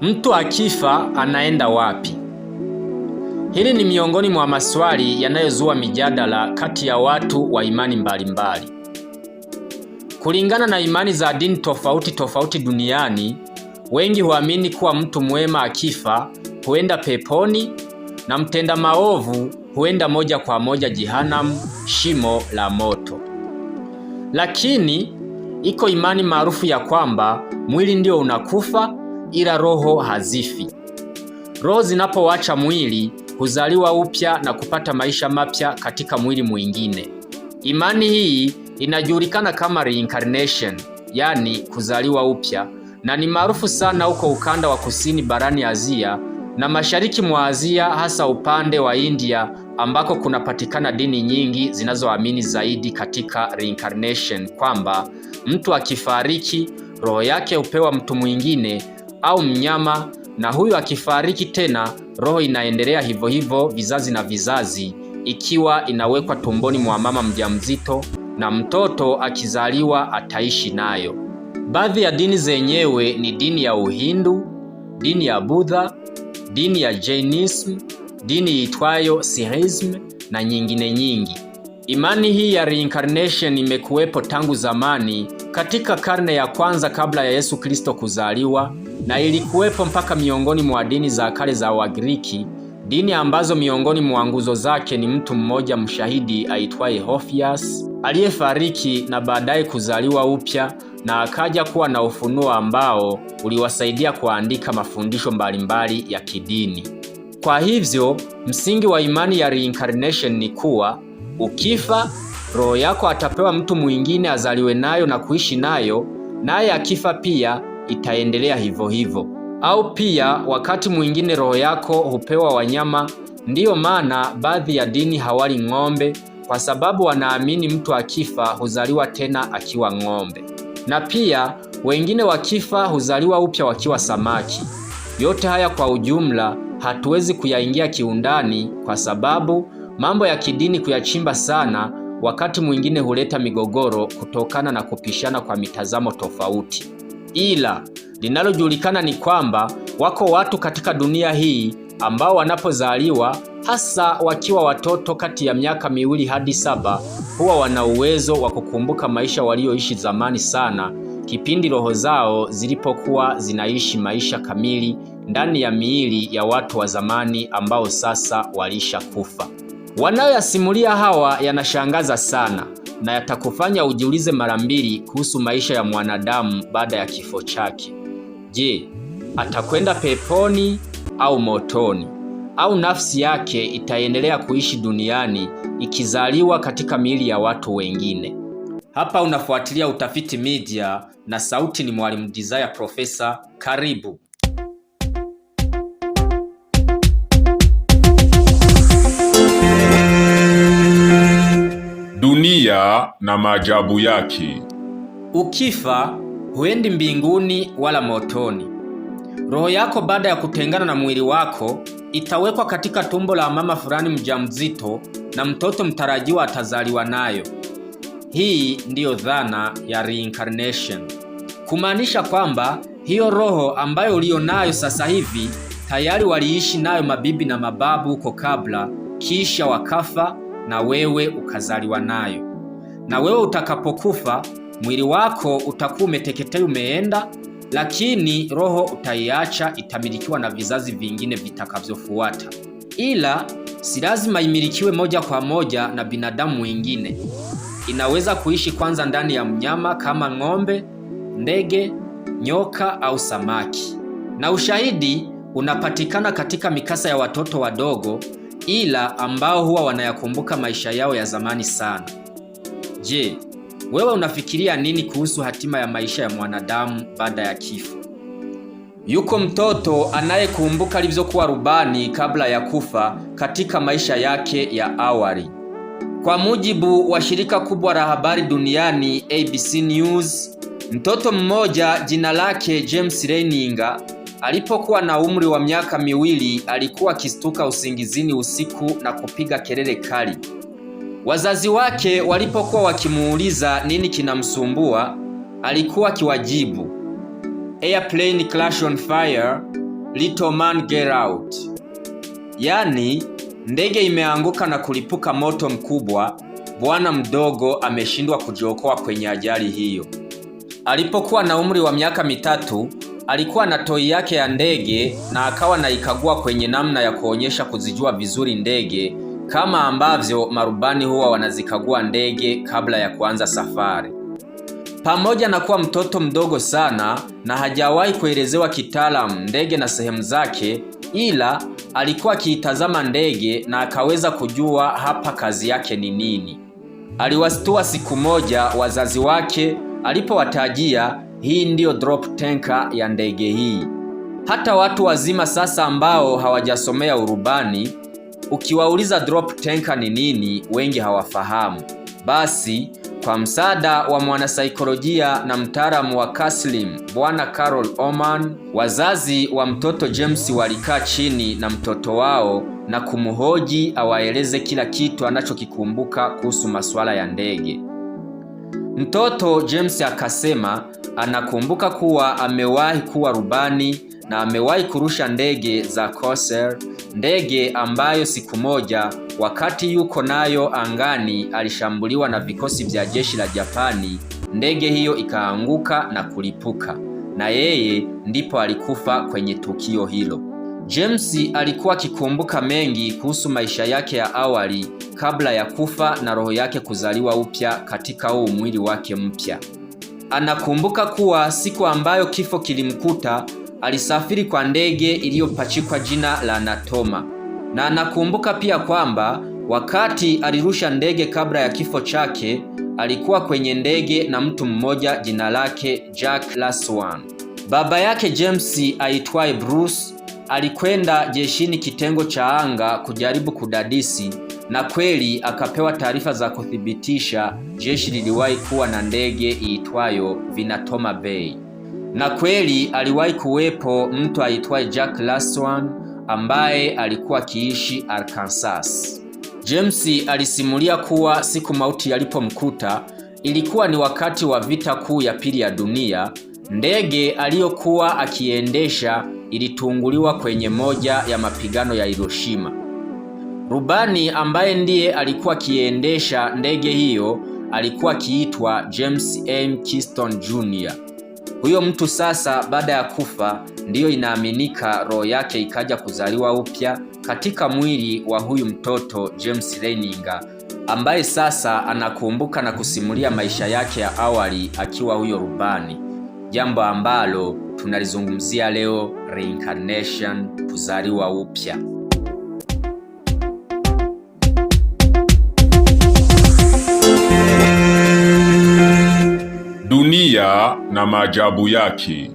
Mtu akifa anaenda wapi? Hili ni miongoni mwa maswali yanayozua mijadala kati ya watu wa imani mbalimbali. Kulingana na imani za dini tofauti tofauti duniani, wengi huamini kuwa mtu mwema akifa huenda peponi na mtenda maovu huenda moja kwa moja jihanamu shimo la moto. Lakini iko imani maarufu ya kwamba mwili ndio unakufa ila roho hazifi. Roho zinapowacha mwili huzaliwa upya na kupata maisha mapya katika mwili mwingine. Imani hii inajulikana kama reincarnation, yani kuzaliwa upya, na ni maarufu sana huko ukanda wa kusini barani Asia na mashariki mwa Asia, hasa upande wa India ambako kunapatikana dini nyingi zinazoamini zaidi katika reincarnation, kwamba mtu akifariki roho yake hupewa mtu mwingine au mnyama, na huyu akifariki tena roho inaendelea hivyo hivyo vizazi na vizazi, ikiwa inawekwa tumboni mwa mama mjamzito na mtoto akizaliwa ataishi nayo. Baadhi ya dini zenyewe ni dini ya Uhindu, dini ya Buddha, dini ya Jainism, dini iitwayo Sikhism na nyingine nyingi. Imani hii ya reincarnation imekuwepo tangu zamani katika karne ya kwanza kabla ya Yesu Kristo kuzaliwa na ilikuwepo mpaka miongoni mwa dini za kale za Wagiriki, dini ambazo miongoni mwa nguzo zake ni mtu mmoja mshahidi aitwaye Hophias aliyefariki na baadaye kuzaliwa upya na akaja kuwa na ufunuo ambao uliwasaidia kuandika mafundisho mbalimbali ya kidini. Kwa hivyo, msingi wa imani ya reincarnation ni kuwa ukifa, roho yako atapewa mtu mwingine azaliwe nayo na kuishi nayo, naye akifa pia itaendelea hivyo hivyo. Au pia wakati mwingine roho yako hupewa wanyama. Ndiyo maana baadhi ya dini hawali ng'ombe, kwa sababu wanaamini mtu akifa huzaliwa tena akiwa ng'ombe, na pia wengine wakifa huzaliwa upya wakiwa samaki. Yote haya kwa ujumla hatuwezi kuyaingia kiundani, kwa sababu mambo ya kidini kuyachimba sana wakati mwingine huleta migogoro kutokana na kupishana kwa mitazamo tofauti ila linalojulikana ni kwamba wako watu katika dunia hii ambao wanapozaliwa, hasa wakiwa watoto kati ya miaka miwili hadi saba, huwa wana uwezo wa kukumbuka maisha walioishi zamani sana, kipindi roho zao zilipokuwa zinaishi maisha kamili ndani ya miili ya watu wa zamani ambao sasa walishakufa. Wanayoyasimulia hawa yanashangaza sana na yatakufanya ujiulize mara mbili kuhusu maisha ya mwanadamu baada ya kifo chake. Je, atakwenda peponi au motoni? Au nafsi yake itaendelea kuishi duniani ikizaliwa katika miili ya watu wengine? Hapa unafuatilia Utafiti Media na sauti ni Mwalimu Desire Profesa. Karibu. dunia na maajabu yake. Ukifa huendi mbinguni wala motoni. Roho yako baada ya kutengana na mwili wako itawekwa katika tumbo la mama fulani mjamzito, na mtoto mtarajiwa atazaliwa nayo. Hii ndiyo dhana ya reincarnation, kumaanisha kwamba hiyo roho ambayo uliyo nayo sasa hivi tayari waliishi nayo mabibi na mababu huko kabla, kisha wakafa na wewe ukazaliwa nayo. Na wewe utakapokufa, mwili wako utakuwa umeteketea umeenda, lakini roho utaiacha itamilikiwa na vizazi vingine vitakavyofuata, ila si lazima imilikiwe moja kwa moja na binadamu mwingine. Inaweza kuishi kwanza ndani ya mnyama kama ng'ombe, ndege, nyoka au samaki. Na ushahidi unapatikana katika mikasa ya watoto wadogo ila ambao huwa wanayakumbuka maisha yao ya zamani sana. Je, wewe unafikiria nini kuhusu hatima ya maisha ya mwanadamu baada ya kifo? Yuko mtoto anayekumbuka alivyokuwa rubani kabla ya kufa katika maisha yake ya awali. Kwa mujibu wa shirika kubwa la habari duniani ABC News, mtoto mmoja jina lake James Reininga Alipokuwa na umri wa miaka miwili, alikuwa akistuka usingizini usiku na kupiga kelele kali. Wazazi wake walipokuwa wakimuuliza nini kinamsumbua, alikuwa akiwajibu, Airplane crash on fire, little man get out. Yaani, ndege imeanguka na kulipuka moto mkubwa, bwana mdogo ameshindwa kujiokoa kwenye ajali hiyo. Alipokuwa na umri wa miaka mitatu, Alikuwa na toi yake ya ndege na akawa naikagua kwenye namna ya kuonyesha kuzijua vizuri ndege kama ambavyo marubani huwa wanazikagua ndege kabla ya kuanza safari. Pamoja na kuwa mtoto mdogo sana na hajawahi kuelezewa kitaalamu ndege na sehemu zake, ila alikuwa akiitazama ndege na akaweza kujua hapa kazi yake ni nini. Aliwastua siku moja wazazi wake alipowatajia hii ndiyo drop tanker ya ndege hii. Hata watu wazima sasa ambao hawajasomea urubani, ukiwauliza drop tanker ni nini, wengi hawafahamu. Basi kwa msaada wa mwanasaikolojia na mtaalamu wa Kaslim Bwana Carol Oman, wazazi wa mtoto James walikaa chini na mtoto wao na kumhoji awaeleze kila kitu anachokikumbuka kuhusu masuala ya ndege. Mtoto James akasema Anakumbuka kuwa amewahi kuwa rubani na amewahi kurusha ndege za Corsair, ndege ambayo siku moja wakati yuko nayo angani alishambuliwa na vikosi vya jeshi la Japani, ndege hiyo ikaanguka na kulipuka, na yeye ndipo alikufa kwenye tukio hilo. James alikuwa akikumbuka mengi kuhusu maisha yake ya awali kabla ya kufa na roho yake kuzaliwa upya katika huu mwili wake mpya. Anakumbuka kuwa siku ambayo kifo kilimkuta alisafiri kwa ndege iliyopachikwa jina la Natoma, na anakumbuka pia kwamba wakati alirusha ndege kabla ya kifo chake alikuwa kwenye ndege na mtu mmoja jina lake Jack Laswan. Baba yake James aitwaye Bruce alikwenda jeshini kitengo cha anga kujaribu kudadisi na kweli akapewa taarifa za kuthibitisha jeshi liliwahi kuwa na ndege iitwayo Vinatoma Bay, na kweli aliwahi kuwepo mtu aitwaye Jack Laswan ambaye alikuwa akiishi Arkansas. James alisimulia kuwa siku mauti yalipomkuta ilikuwa ni wakati wa vita kuu ya pili ya dunia. Ndege aliyokuwa akiendesha ilitunguliwa kwenye moja ya mapigano ya Hiroshima. Rubani ambaye ndiye alikuwa akiendesha ndege hiyo alikuwa akiitwa James M. Kiston Jr. Huyo mtu sasa, baada ya kufa, ndiyo inaaminika roho yake ikaja kuzaliwa upya katika mwili wa huyu mtoto James Leninga ambaye sasa anakumbuka na kusimulia maisha yake ya awali akiwa huyo rubani, jambo ambalo tunalizungumzia leo, reincarnation, kuzaliwa upya. na maajabu yake.